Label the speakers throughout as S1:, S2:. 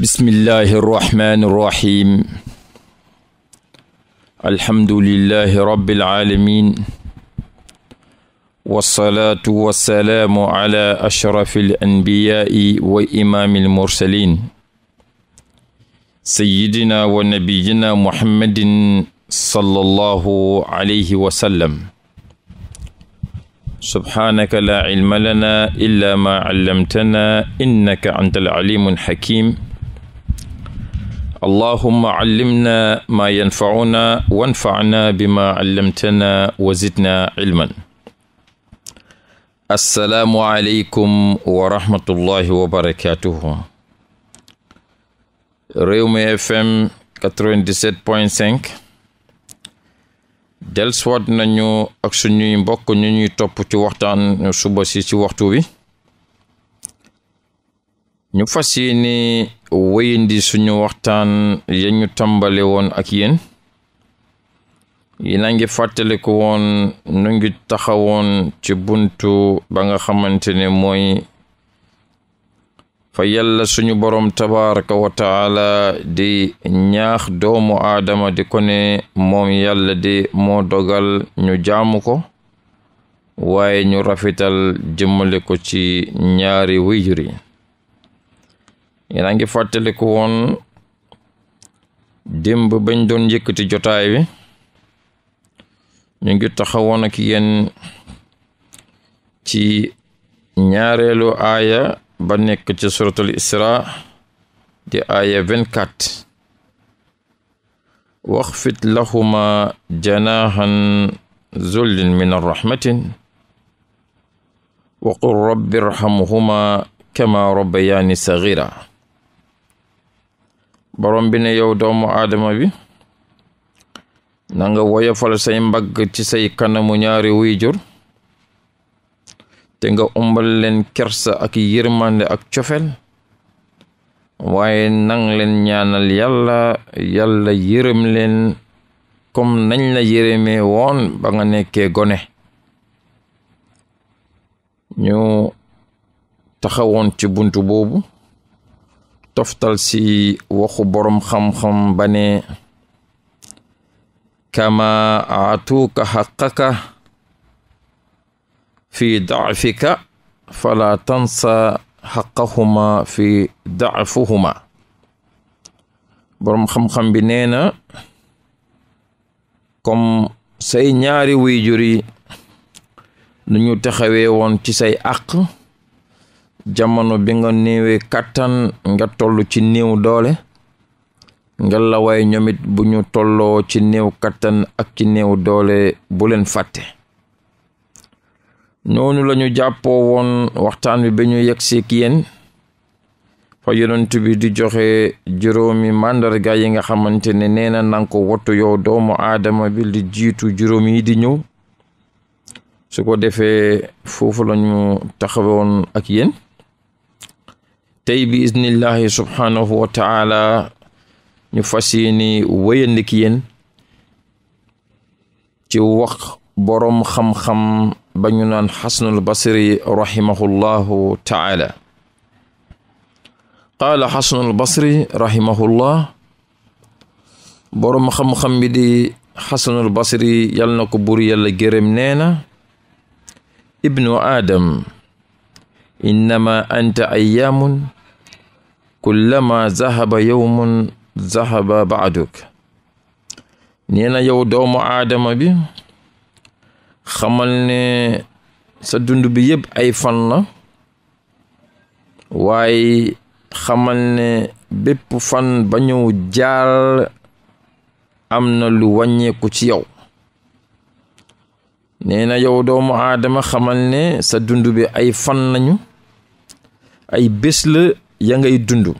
S1: bismillahi irrahmani irrahim alhamdulillahi rabbil alamin wasalaatu wasalaamu ala ashrafi alanbiyaai wa imaami almursalin sayidina wa nabiyina muhammadin sallallahu alayhi wa sallam subhaanaka laa cilma lana illa maa callamtana innaka anta alcalimu alxakim allahuma callimna maa yanfacuna wanfacna bimaa callamtana wa zidna cilman assalaamu aleykum wa rahmatullahi wa barakatuhu Rewmi FM 97.5 dellusiwaat nañu ak suñuy mbokk ñu ñuy topp ci waxtaan suba si ci waxtu wi ñu fas yéene wéyandi suñu waxtaan ya ñu woon ak yéen yéen a ngi fàttaliku woon nu ngi taxawoon ci buntu ba nga xamante ne mooy fa yàlla suñu boroom tabaraka wa di ñaax doomu aadama di kone ne moom yàlla di moo dogal ñu jaamu ko waaye ñu rafetal jëmmale ko ci ñaari wiyuri yéen a ngi fàttaliku woon démb bañ doon yëkkati jotaay wi ñu ngi taxawoon ak ci ñaareelu aaya ba nekk ci suratul isra di aaya 24 waxfit lahuma janahan zullin min rahmatin wa qul rabbi irhamhuma kama rabbayaani sagira borom bi ne yow doomu aadama bi na nga woyofal say mbagg ci say kanamu ñaari wuyjur te nga umbal leen kersa ak yërmande ak cofel waaye nang leen ñaanal yàlla yàlla yërëm leen kom nañ la yërëmee woon ba nga nekkee gone ñu taxawoon ci bunt boobu toftal si waxu boroom xam-xam ba ne kama aatuuka xaqaka fi dacfika fala tansa xaqahuma fi dacfuhuma boroom xam-xam bi nee na comme say ñaari wuyjur yi nañu ñu taxawee woon ci say àq jamono bi nga néewee kàttan nga toll ci néew doole ngel la waaye ñoom it bu ñu tolloo ci néew kattan ak ci néew doole buleen leen ñoonu lañu la jàppoo woon waxtaan bi ba ñu yegg si ki yéen fa yonent bi di joxe juróomi màndarga yi nga xamante ne nee na nanga ko wattu yow doomu aadama bi li jiitu juróom yi di ñëw su ko defee foofu la ñu taxawoon ak yéen tey bi iznillahi subhaanahu wa taala ñu fas yéene wéyandik ci wax boroom xam-xam ba ñu naan xasanul basri rahimahullahu taala qaala xasanul basri rahimahullah boroom xam-xam bi di xasanul basri yal na ko buur yàlla gërëm nee na ibnu anta ayyaamun kullama zahaba yowmun zahaba baaduk nee na yow doomu aadama bi xamal ne sa dund bi yëpp ay fan la waaye xamal ne bépp fan ba ñëw jaar am na lu wàññeeku ci yow nee na yow doomu aadama xamal ne sa dund ay fan lañu ay bés la ya ngay dund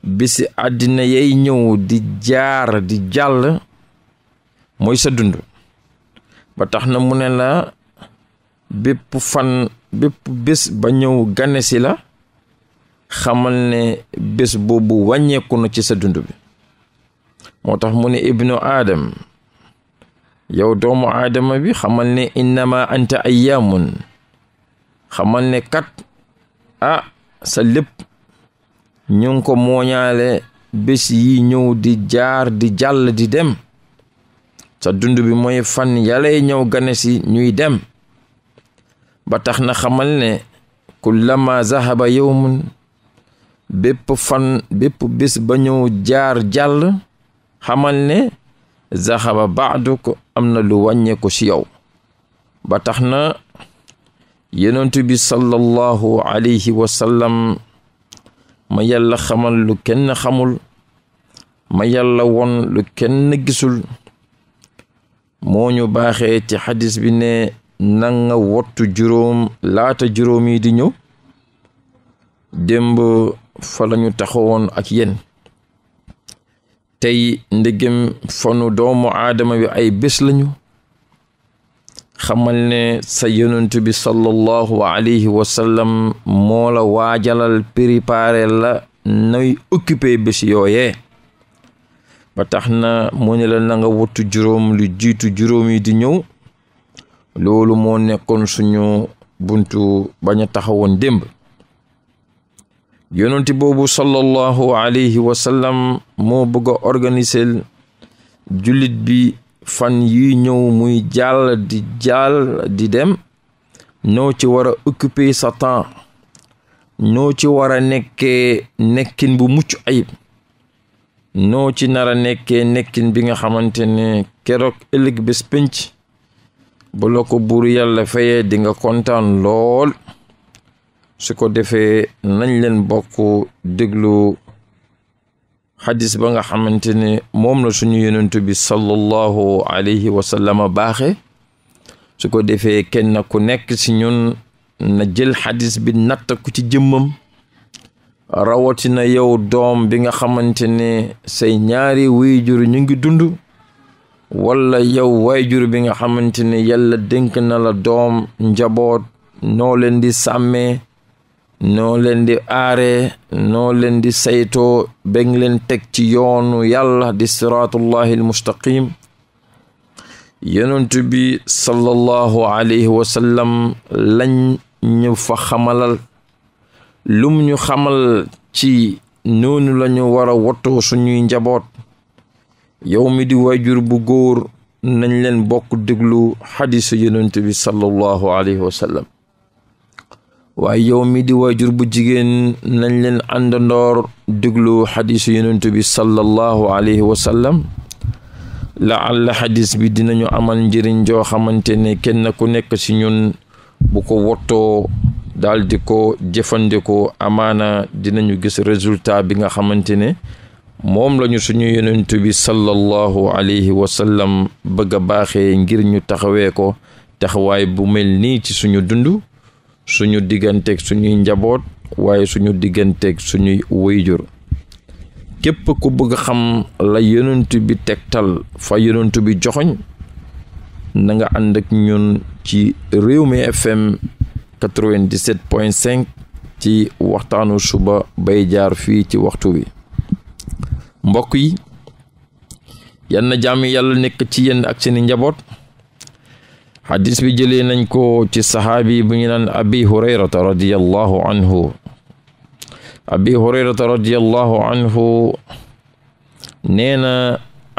S1: bisi àddina yay ñëw di jaar di jàll mooy sa dund ba tax na mu ne la bépp fan bépp bés ba ñëw gane si la xamal ne bés boobu wàññeeku na ci sa dund bi moo tax mu ne ibnu aadam yow doomu aadama bi xamal ne innama anta ayyaamun xamal ne kat ah sa lépp ñu ko mooñaale bés yi ñëw di jaar di jàll di dem sa dund bi mooy fan yalay ñëw gane si ñuy dem ba tax na xamal ku kullama zahaba yowmun bépp fan bépp bés ba ñëw jaar jàll xamal ne zahaba baaduk am na lu wàññeeku si yow ba tax na yonentu bi sallallahu alayhi wa sallam ma yàlla xamal lu kenn xamul ma yàlla won lu kenn gisul moo ñu baaxee ci xadis bi ne na wottu juróom laata juróom yi di ñëw démb fa taxawoon ak yen tey ndegem fanu doomu aadama bi ay bés lañu xamal ne sa yonent bi sallallahu alayhi wa moola waajalal préparé la nay occupé bés yooyee ba tax na mu ne la na nga wottu juróom lu jiitu juróom yi di ñëw loolu moo nekkoon suñu buntu bañ a taxawoon démb yonent boobu sallallahu alayhi wa moo bëgg a organiser bi fan yuy ñëw muy jàll di jàll di dem noo ci war a occuper sa temps noo ci war a nekkee nekkin bu mucc ayib noo ci nara nekkee nekkin bi nga xamante ne keroog ëllëg bés penc bu ko buur yàlla fayee dinga kontaan lool su ko defee nañ leen bokk déglu xadis ba nga xamante ne moom la suñu yonentu bi sallallahu alayhi wa baaxe su ko defee kenn ku nekk si ñun na jël xadis bi natt ku ci jëmmam rawatina yow doom bi nga xamante ne say ñaari waajur ñu ngi dund wala yow waajur bi nga xamante ne yàlla dénk na la doom njaboot noo leen di sàmmee noo leen di aare noo leen di saytoo ba leen teg ci yoonu yàlla di siraatullahi almustaqim yonentu bi sallallahu alayhi wa lañ ñu fa xamalal lum ñu xamal ci noonu la ñu war a wottoo suñuy njaboot yow mi di waajur bu góor nañ leen bokk déglu xadisu yonentu bi sallallahu alayhi wa waaye yow mi di waajur bu jigéen nañ leen àndandoor déglu xadiisu yonent bi sallallahu alayhi wa sallam laalla xadis bi dinañu amal njëriñ joo xamante ne kenn ku nekk ci ñun bu ko wottoo daal di ko jëfandikoo amaana dinañu gis résultat bi nga xamante ne moom lañu suñu yonent bi sallallahu alayhi wa sallam bëgg a baaxee ngir ñu taxawee ko taxawaay bu mel nii ci suñu dund suñu digganteeg suñuy njaboot waaye suñu digganteeg suñuy wayjur képp ku bëgg xam la yonent bi tegtal fa yonent bi joxoñ na nga ànd ak ñun ci réew Rewmi FM 97.5 ci waxtaanu suba bay jaar fii ci waxtu bi mbokk yi yann jàmm yàlla nekk ci yenn ak seeni njaboot xadis bi jëlee nañ ko ci saxaabi bu ñu naan abi hurayrata radiallahu anhu abi hurayrata radiallahu anhu nee na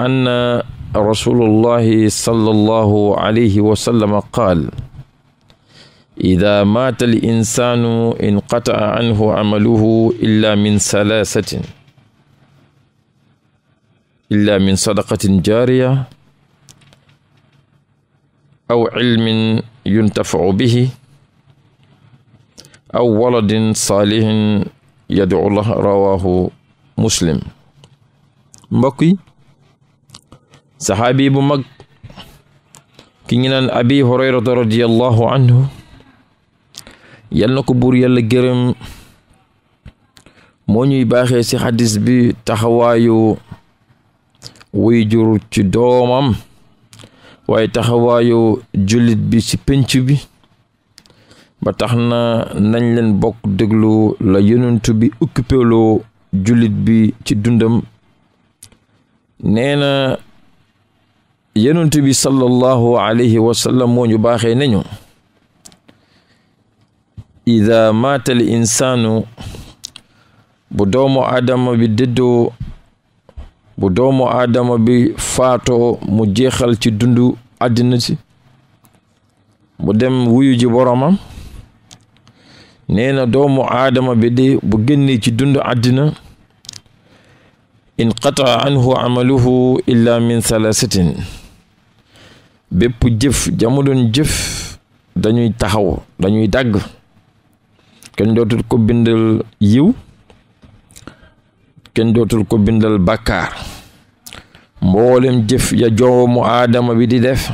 S1: anna rasulullahi sallallahu alayhi wa sallam qaal ida maata al insaanu inqata'a anhu amaluhu illa min salaasatin illa min sadaqatin jaariya aw cilmin yuntafacu bihi aw waladin saalihin yadcu lah muslim mbokk yi saxaabi bu mag ki ñu naan abi hurayrata radiallahu anhu yal na ko buur yàlla gërëm moo ñuy baaxee ci xadis bi taxawaayu wuy jur ci doomam waaye taxawaayu jullit bi ci pénc bi ba tax na nañ leen bokk déglu la yonentu bi occupé loo jullit bi ci dundam nee na yonentu bi sallallahu alayhi wa sallam moo ñu baaxee nañu ida maata insaanu bu doomu aadama bi dëddoo bu doomu adama bi faatoo mu jeexal ci dundu àddina si mu dem wuyu ji boromam nee na doomu aadama bi de bu génnee ci dundu àddina in qataa anhu amaluhu illa min salasatin bépp jëf jamu doon jëf dañuy taxaw dañuy dagg kenn dootul ko yiw kenn dootul ko bindal bàkkaar mboolem jëf ya doomu aadama bi di def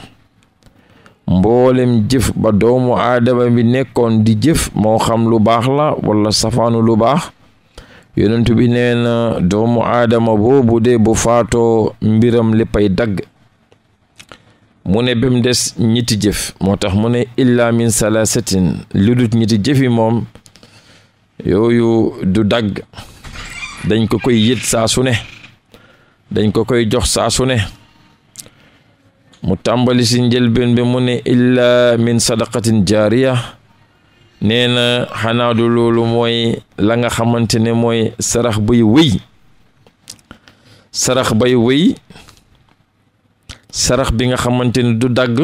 S1: mboolem jëf ba doomu aadama bi nekkoon di jëf moo xam lu baax la walla safaanu lu baax yonent bi nee doomu aadama boobu de bu faatoo mbiram léppay dagg mu ne bem des ñitti jëf moo tax mu ne illa min salaasatin lu dut ñitti jëfi moom yooyu du dagg dañ ko koy yët saa ne dañ ko koy jox saa ne mu tàmbali si njëlbeen bi mu ne illaa min sadaqatin jaariya nee na xanaa du loolu mooy la nga xamante ne mooy sarax bay wéy sarax bay wéy sarax bi nga xamante ne du dagg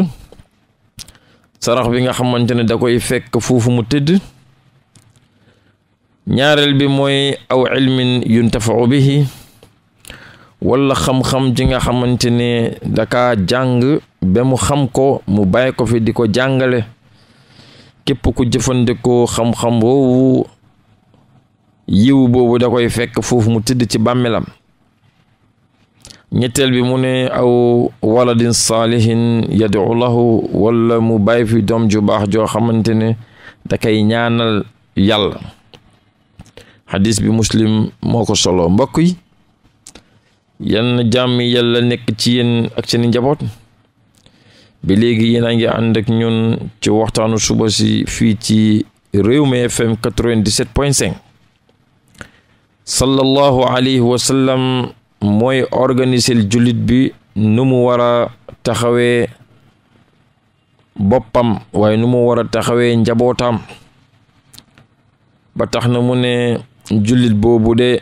S1: sarax bi nga xamante ne da koy fekk foofu mu tëdd ñaareel bi mooy aw ilmin yuntafau bihi wala xam-xam ji nga xamante ne dakaa jàng ba mu xam ko mu bàyyi ko fi di ko jàngale képp ku jëfandikoo xam-xam woowu yiw boobu da koy fekk foofu mu tëdd ci bàmmelam ñetteel bi mu ne aw waladin saalihin yad'u lahu wala mu bàyyi fi doom ju baax joo xamante ne da koy ñaanal yàlla xadis bi muslim moo ko solo mbokk yi yan jàmm yàlla nekk ci yenn ak seen njaboot bi léegi yéen a ngi ànd ak ñun ci waxtaanu suba si fii ci Rewmi FM 97.5 sallallahu alayhi wa mooy organiser jullit bi nu mu war a taxawee boppam waaye nu mu war a taxawee njabootam ba tax na mu ne jullit boobu de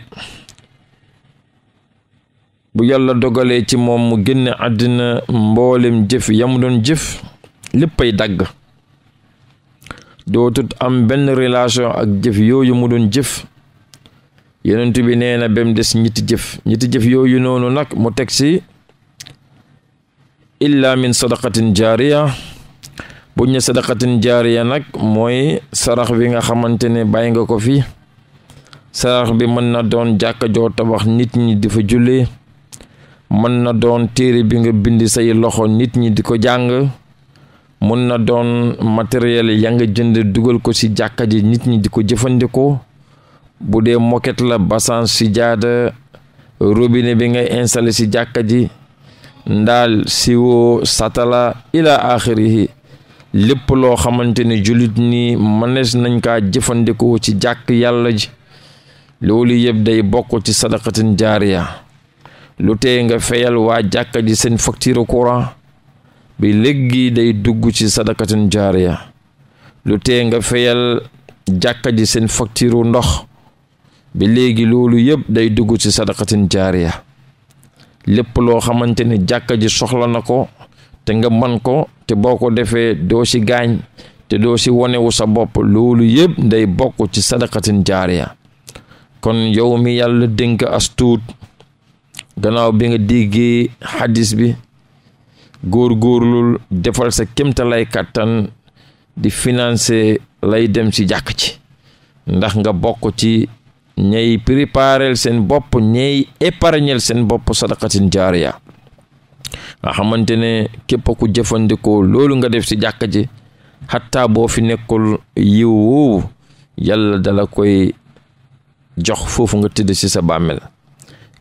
S1: bu yàlla dogalee ci moom mu génne àddina mboolem jëf ya mu doon jëf léppay dagg dootut am benn relation ak jëf yooyu mu doon jëf yonent bi nee na bem des ñitti jëf ñitti jëf yooyu noonu nag mu teg si illa min sadaqatin jaariya buñ ne sadaqatin jaariya nag mooy sarax bi nga xamante ne bàyyi nga ko fii sarax bi mën na doon jàkka joo tabax nit ñi di fa julli mën na doon téere bi nga bind say loxo nit ñi di ko jàng mën na doon matériel ya nga jënd dugal ko ci jàkka ji nit ñi di ko jëfandikoo bu dee moquette la bassan si jaada robine bi nga installé ci jàkka ji ndaal siwo satala ila axirihi lépp loo xamante ne jullit nii mënees nañ kaa jëfandikoo ci jàkk yàlla ji loolu yëpp day bokk ci sadaqatin jaariya lu tee nga feyal waa jàkka ji seen facture courant bi léegi day dugg ci sadaqatin jaariya lu tee nga feyal jàkka seen facture ndox bi léegi loolu yëpp day dugg ci sadaqatin jaariya lépp loo xamante ne jàkka ji soxla na ko te nga man ko te boo ko defee doo ci gaañ te doo ci wonewu sa bopp loolu yëpp day bokk ci sadaqatin jaariya kon yow mi yàlla dénk astuut gannaaw bi nga déggee xadis bi góor-góorlul defal sa kémtalay kàttan di financer lay dem ci jàkk ci ndax nga bokk ci ñay préparel seen bopp ñay épargnel seen bopp sadaqatin jaariya nga xamante ne képp ku jëfandikoo loolu nga def si jàkk ji xattaa boo fi nekkul yiw woowu yàlla dala koy jox foofu nga tëdd ci sa bàmmeel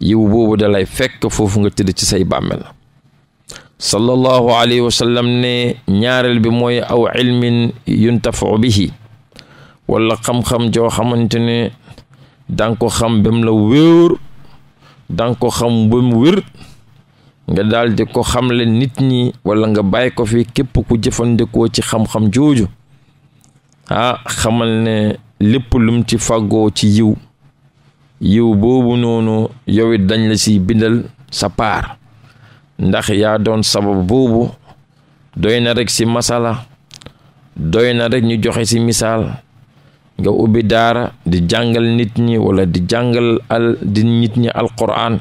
S1: yiw boobu dalay fekk foofu nga tëdd ci say bàmmeel sallallahu alayhi wa ne ñaareel bi mooy aw ilmin yuntafau bihi wala xam-xam joo xamante ne danga ko xam ba la wéer danga ko xam ba mu wér nga daal ko xam xamle nit ñi wala nga bàyyi ko fi képp ku jëfandikoo ci xam-xam jooju ah xamal ne lépp lum ci fàggoo ci yiw yiw boobu noonu yow it dañ la si bindal sa paar ndax yaa doon sabab boobu doy na rek si masala doy na rek ñu joxe si misaal nga ubbi daara di jàngal nit ñi walla di jàngal al di nit ñi alquran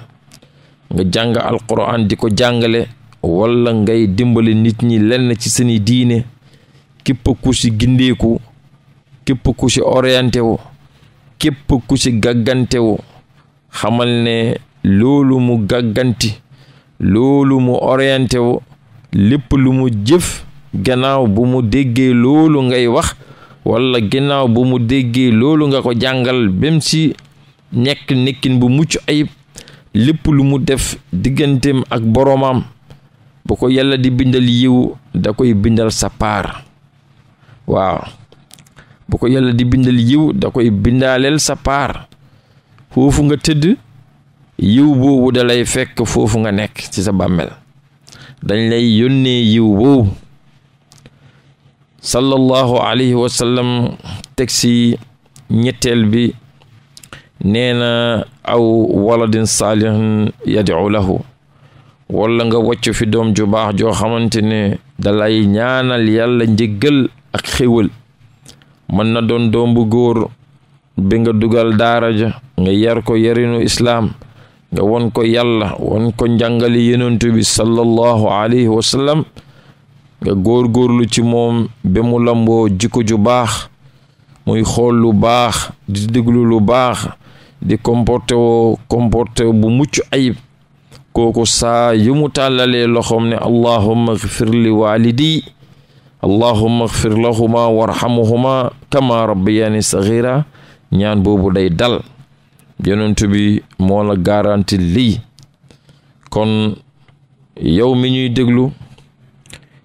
S1: nga jàng alquran di ko jàngale wala ngay dimbali nit ñi lenn ci seeni diine képp ku si gindeeku képp ku si orienté wu képp ku ci gàggantewu xamal ne loolu mu gàgganti loolu mu orienté lépp lu mu jëf gannaaw bu mu déggee loolu ngay wax walla gannaaw bu mu déggee loolu nga ko jàngal bem ci nekk nekkin bu mucc ayib lépp lu mu def digganteem ak boroomam bu ko yàlla di bindal yiw da koy bindal sa paar waaw bu ko yalla di bindal yiw da koy bindaaleel sa paar foofu nga tëdd yiw boobu da lay fekk foofu nga nekk ci sa bàmmeel dañ lay yónnee yiw boobu sallallahu alayhi wa sallam teg si ñetteel bi nee na aw waladin saalihin yad'u lahu wala nga wàcc fi doom ju baax joo xamante ne dalay ñaanal yàlla njëggal ak xéwal mën na doon doombu góor bi nga dugal daara ja nga yar ko yarinu islaam nga won ko yàlla won ko njàngali yenentu bi sallallahu alayhi wa sallam nga góor-góorlu ci moom ba mu lamboo jikko ju baax muy xool lu baax di déglu lu baax di comporté woo bu mucc ayib kooku saa yu mu tàllalee loxoom ne allahumma gfir walidi allahuma axfir lahuma warhamhuma kama rabbayani saghira ñaan boobu day dal yonent bi moo la garanti lii kon yow mi ñuy déglu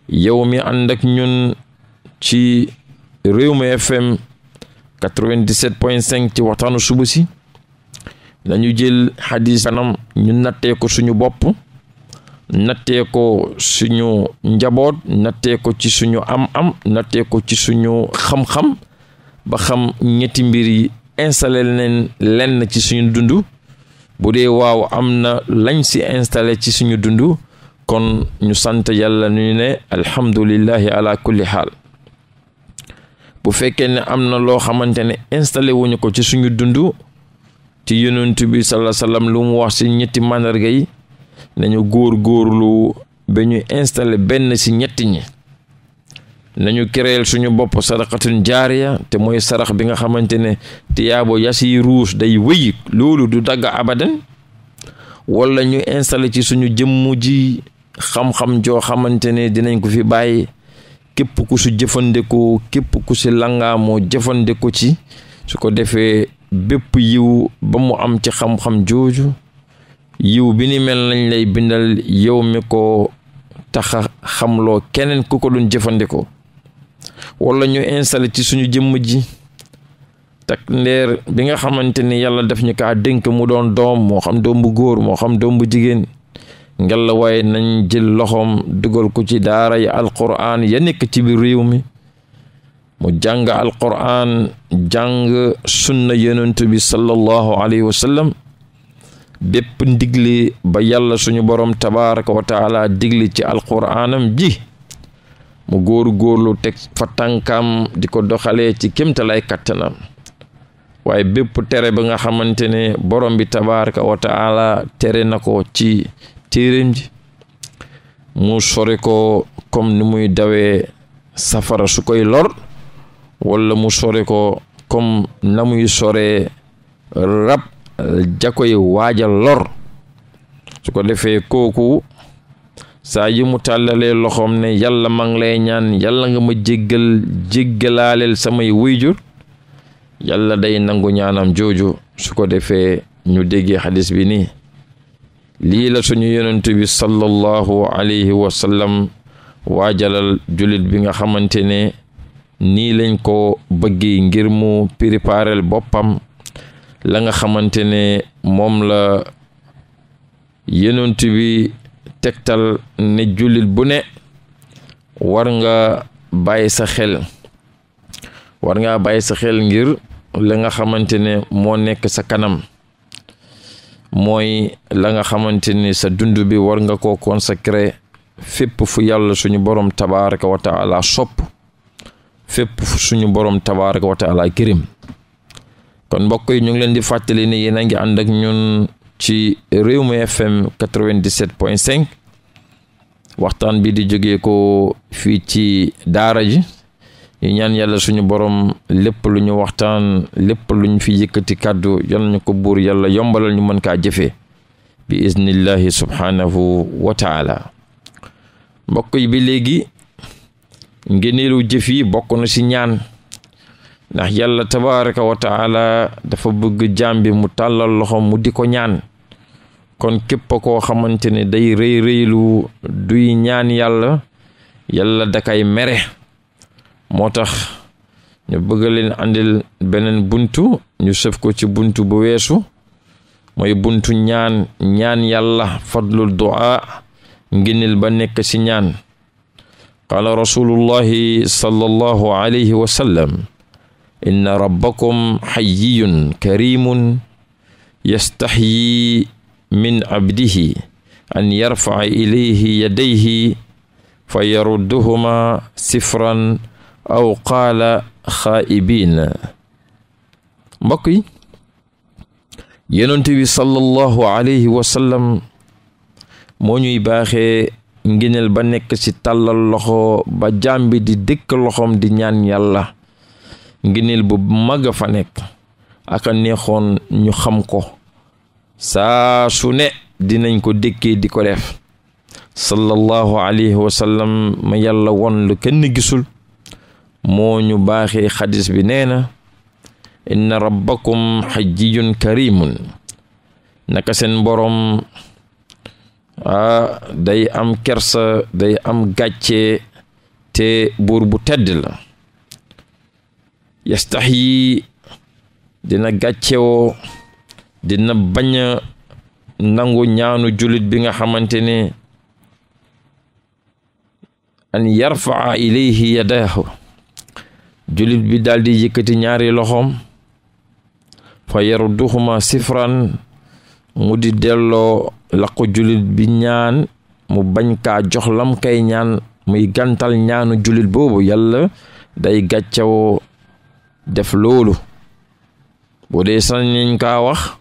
S1: yow mi ànd ñun ci Rewmi FM 97.5 ci waxtaanu suba si lañu jël xadis kanam ñu nattee ko suñu bopp nattee ko suñu njaboot nattee ko ci suñu am-am nattee ko ci suñu xam-xam ba xam ñetti mbir yi installé lenn ci suñu dundu bu dee waaw am na lañ si installé ci suñu dund kon ñu sant yàlla ñu ne alhamdulillahi ala kulli xaal bu fekkee ne am na loo xamante ne installé wuñu ko ci suñu dundu ci yonent bi sallallahu alayhi lu mu wax si ñetti màndarga yi nañu góor góorlu ba ñu installé benn ci ñett ñi nañu créer suñu bopp sadaqatun ya te mooy sarax bi nga xamante ne tiyaabo yasi ruus day wéy loolu du dagg abadan wala ñu installé ci suñu jëmm ji xam-xam joo xamante ne dinañ ko fi bàyyi képp ku su jëfandikoo képp ku si langaamoo jëfandikoo ci su ko defee bépp yiw ba mu am ci xam-xam jooju yiw bi ni mel nañ lay bindal yow mi ko tax a xamloo keneen ku ko doon jëfandikoo wala ñu installé ci suñu jëmm ji tak ndeer bi nga xamante ni yàlla def ñu kaa dénk mu doon doom moo xam doom bu góor moo xam doom bu jigéen ngella waaye nañ jël loxoom dugal ko ci daara yi alquran ya nekk ci biir réew mi mu jàng alquran jàng sunna yonent bi sallallahu alayhi wa bépp ndigli ba yàlla suñu borom tabaraka wa taala digli ci alquraanam ji mu góor góorlu teg fa tànkaam di ko doxalee ci kémtalaay kattanam waaye bépp tere ba nga xamante ne borom bi tabaraka wa taala tere na ko ci téeréem ji mu sore ko comme ni muy dawee safara su koy lor wala mu sore ko comme na muy sore rab ja koy waaja lor su ko defee kooku saa yu mu tàllalee loxoom ne yàlla ma ngi lay ñaan yàlla nga ma jéggal jéggalaaleel samay wuyjur yàlla day nangu ñaanam jooju su ko defee ñu déggee xadis bi nii lii la suñu yonent bi sallallahu alayhi wa sallam waajalal jullit bi nga xamante ne nii lañ ko bëggee ngir mu préparel boppam la nga xamante ne moom la yonent tegtal ne jullit bu ne war nga bàyyi sa xel war ngaa bàyyi sa xel ngir la nga xamante ne moo nekk sa kanam mooy la nga xamante ne sa dund bi war nga koo consacré fépp fu yàlla suñu borom tabaraka wa taala sopp fépp fu suñu borom tabaraka wa taala kirim kon mbokk yi ñu ngi leen di fàttali ni yéen a ngi ànd ak ñun ci réew Rewmi FM 97.5 waxtaan bi di jógee ko fii ci daara ji ñaan yàlla suñu borom lépp lu ñu waxtaan lépp lu ñu fi yëkkati kàddu yal nañu ko buur yàlla yombalal ñu mën kaa jëfee bi iznillahi subhaanahu wa mbokk yi bi léegi ngéneelu jëf yi bokk na ci ñaan ndax yàlla tabaraka wa dafa bëgg jaam mu tàllal loxo mu di ko ñaan kon képp koo xamante ne day rëy rëylu duy ñaan yàlla yàlla dakay mere moo tax ñu bëgg leen andil beneen buntu ñu sëf ko ci buntu bu weesu mooy buntu ñaan ñaan yàlla fadlul du'a nginil ba nekk ci ñaan qaala rasulullahi sallallahu alayhi wa inna rabbakum xayiyun karimun yastaxyi min abdihi an yarfaca ilayhi yadayhi fa yarudduhuma sifran aw qaala xaa'ibiin mbokk yi yonent bi sallallahu alayhi wa sallam moo ñuy baaxee ngeneel ba nekk ci tàllal loxo ba jaam bi di dëkk loxoom di ñaan yàlla ngëneel bu mag a fa nekk aka neexoon ñu xam ko saa su ne dinañ ko dékkee di ko def sallallahu alayhi wa ma yàlla won lu kenn gisul moo ñu baaxee xadis bi nee na inna rabbakum xajjiyun karimun naka seen boroom ah day am kersa day am gàcce te buur bu tedd la tax yastaxyi dina gàccewoo dina bañ nangu ñaanu jullit bi nga xamante ne an yarfaa ilayhi yadahu jullit bi daal di yëkkati ñaari loxoom fa yarduhuma sifran mu di delloo laqu jullit bi ñaan mu bañ kaa jox lam kay ñaan muy gantal ñaanu jullit boobu yalla day gàccewoo def loolu boo dee sañ nañ wax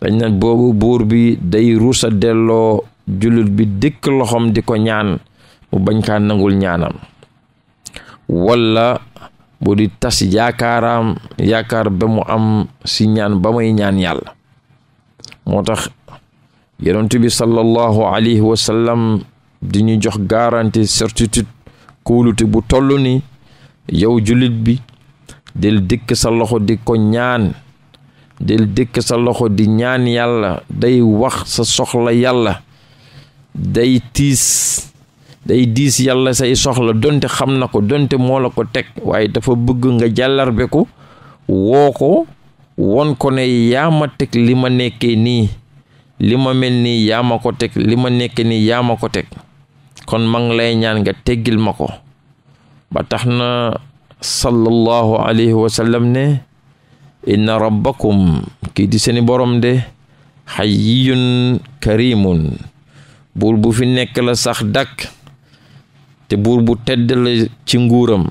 S1: dañ na boobu buur bi day rusa delloo julit bi dikk loxom di ko ñaan mu bañ kaa nangul ñaanam walla bu di tas yaakaaraam yaakaar ba am si ñaan ba may ñaan yàlla moo tax yonent bi sallallahu alayhi wa di ñu jox garanti certitude kóolute bu toll ni yow jullit bi del dikk sa loxo di ko ñaan del dikk sa loxo di ñaan yàlla day wax sa soxla yàlla day tiis day diis yàlla say soxla donte xam na ko donte moo la ko teg waaye dafa bëgg nga jàllarbe ko woo ko won ko ne yaa ma teg li ma nekkee nii li ma mel nii yaa ma ko teg li ma nekkee nii yaa ko teg kon ma lay ñaan nga teggil ma ko ba tax na sallallahu alayhi wa ne inna rabbakum kii di seeni borom de xayyiyun karimun buur fi nekk la sax dakk te buur bu tedd ci nguuram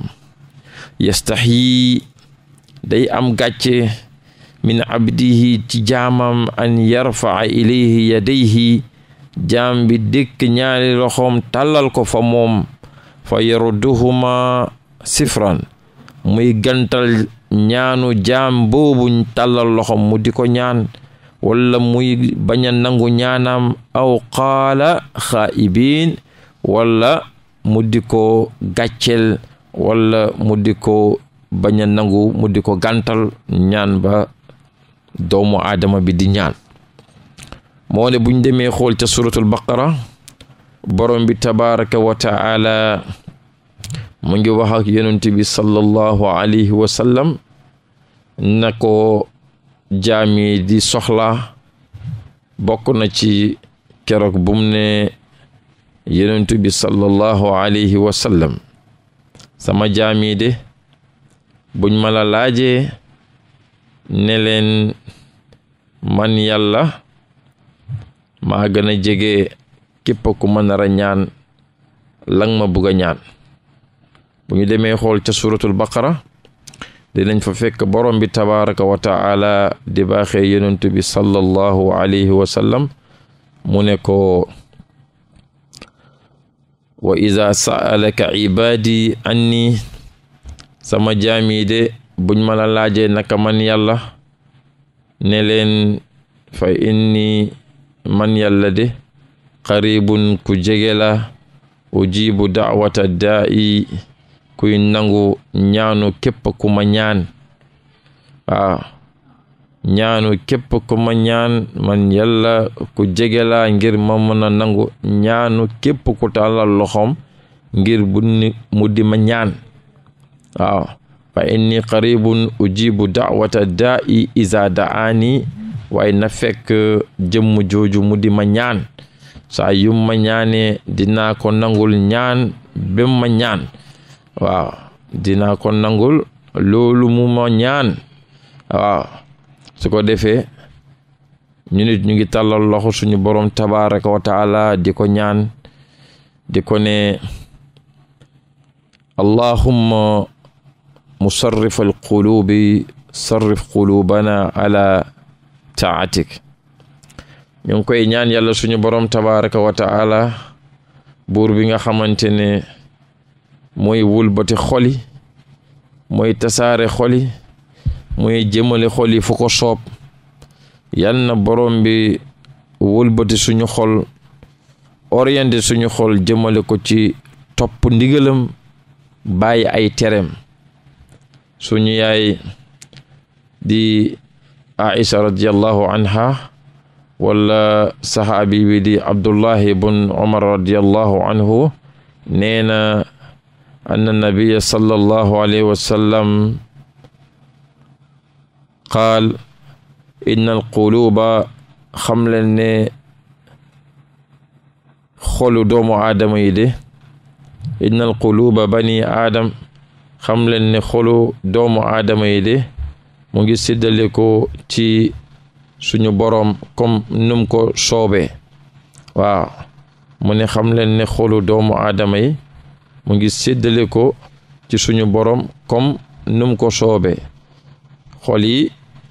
S1: yastaxyi day am gàcce min abdihi ci jaamam an yarfaa ilayhi yadayhi jaam bi dëkk ñaari loxoom tàllal ko fa moom fa yarudduhuma sifran muy gantal ñaanu jaam boobu tàllal loxom mu di ko ñaan wala muy bañ nangu ñaanaam aw qaala xaa'ibiin walla mu di ko gàcceel walla mu di ko bañ nangu mu di ko gantal ñaan ba doomu aadama bi di ñaan moo buñ demee xool ca suratul baqara borom bi tabaraka wa taala mu ngi wax ak yonent bi sallallahu alayhi wa sallam na ko jaami di soxla bokk na ci keroog bu mu ne yonent bi alayhi wa sallam sama jaami de buñ ma la laajee ne leen man yàlla maa gën a jege képp ku ma a ñaan lang ma bugg a ñaan bu ñu demee xool ca suratul baqara dinañ fa fekk borom bi tabaraka wa taala di baaxee yonent bi sallallahu alayhi wa sallam mu ne ko wa ida saalaka ibaadi anni sama jaam yi de buñ ma la laajee naka man yàlla ne leen fa inni man yàlla de qaribun ku jege la ujibu daawata daa'i kuy nangu ñaanu képp ku ma ñaan waaw ñaanu képp ku ñaan man yàlla ku jege ngir ma mën nangu ñaanu képp ku tàllal loxoom ngir bu ni mu di ma ñaan waaw inni qaribun ujibu daawata daa'i iza da'aani waaye fekk jëmm jooju mu di ma ñaan saa yu ma ñaanee dinaa ko nangul ñaan ba ñaan waaw dina kon nangul loolu mu ma ñaan waaw su ko defee ñu nit ñu ngi tàllal loxo suñu borom tabaraka wa di ko ñaan di ko ne allahumma musarrif alqulubi sarrif qulubana ala taatik ñu ngi koy ñaan yàlla suñu borom tabaraka wa taala buur bi nga xamante ne mooy wulbati xoli mooy tasaare xoli mooy jëmale xoli fu ko soob yal na borom bi wulbati suñu xol orienté suñu xol jëmale ko ci topp ndigalam bàyyi ay tereem suñu yaay di Aisha radiyallahu anha wala sahaabi bi di Abdullahi bun Umar radiyallahu anhu nee na anna nabiya sallallahu alayhi wa sallam qaal inna alquluuba xam leen ne xolu doomu aadama yi de inna aadam xam leen ne xolu doomu aadama yi de mu ngi séddale ko ci suñu boroom comme num ko soobe waaw mu ne xam leen ne xolu doomu aadama yi mu ngi séddale ko ci suñu borom comme num ko soobee xol yi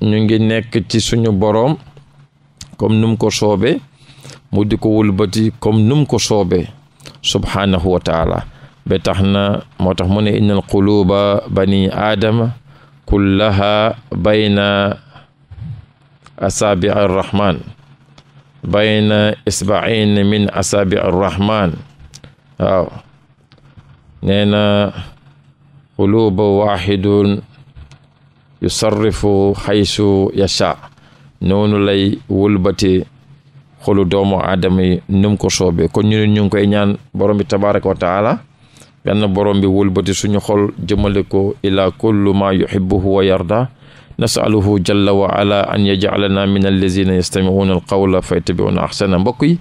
S1: ñu ngi nekk ci suñu borom comme num ko soobee mu di ko wëlbati comme num ko soobe subhaanahu wa taala tax na moo tax mu ne innal quluba bani aadama kullaha bayna asaabi arrahman bayna isbain min asaabi raxmaan waaw nee na xuluuba waaxidun yusarrifu xaysu yasha noonu lay wulbati xolu doomu aadama yi num ko soobee kon ñu ne ñu ngi koy ñaan borom bi tabaraka wa taala yal na borom bi wulbati suñu xol jëmale ko ila kullu ma yuhibbuhu wa yarda nasaluhu jalla wa ala an yajalana min allazina yastamiuna alqawla fa yattabiuna ahsana mbokk yi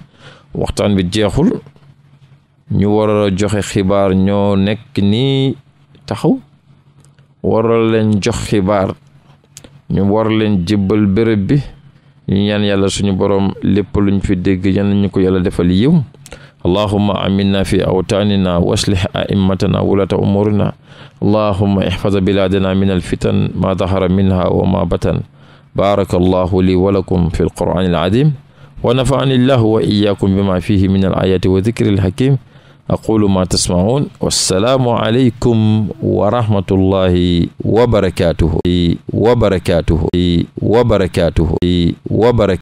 S1: waxtaan bi jeexul ñu war joxe xibaar ñoo nekk nii taxaw war leen jox xibaar ñu war leen jébbal bërëb bi ñu ñaan yàlla suñu borom lépp luñ fi dégg yal ñu ko yalla defal yiw allahuma aminna fi awtaanina wa aslih aimmatana wulata umurina allahuma ihfaz min alfitan ma dahara minha wa ma batan baraka allahu li wa lakum fi alqur'ani alazim wa nafa'ani allahu wa iyyakum bima fihi min alayati wa dhikri alhakim aqulu ma tasmaun wassalaamu aleykum wa rahmatullahi wa barakatuhu wa barakatuhu wa barakatuhu wa barakatuhu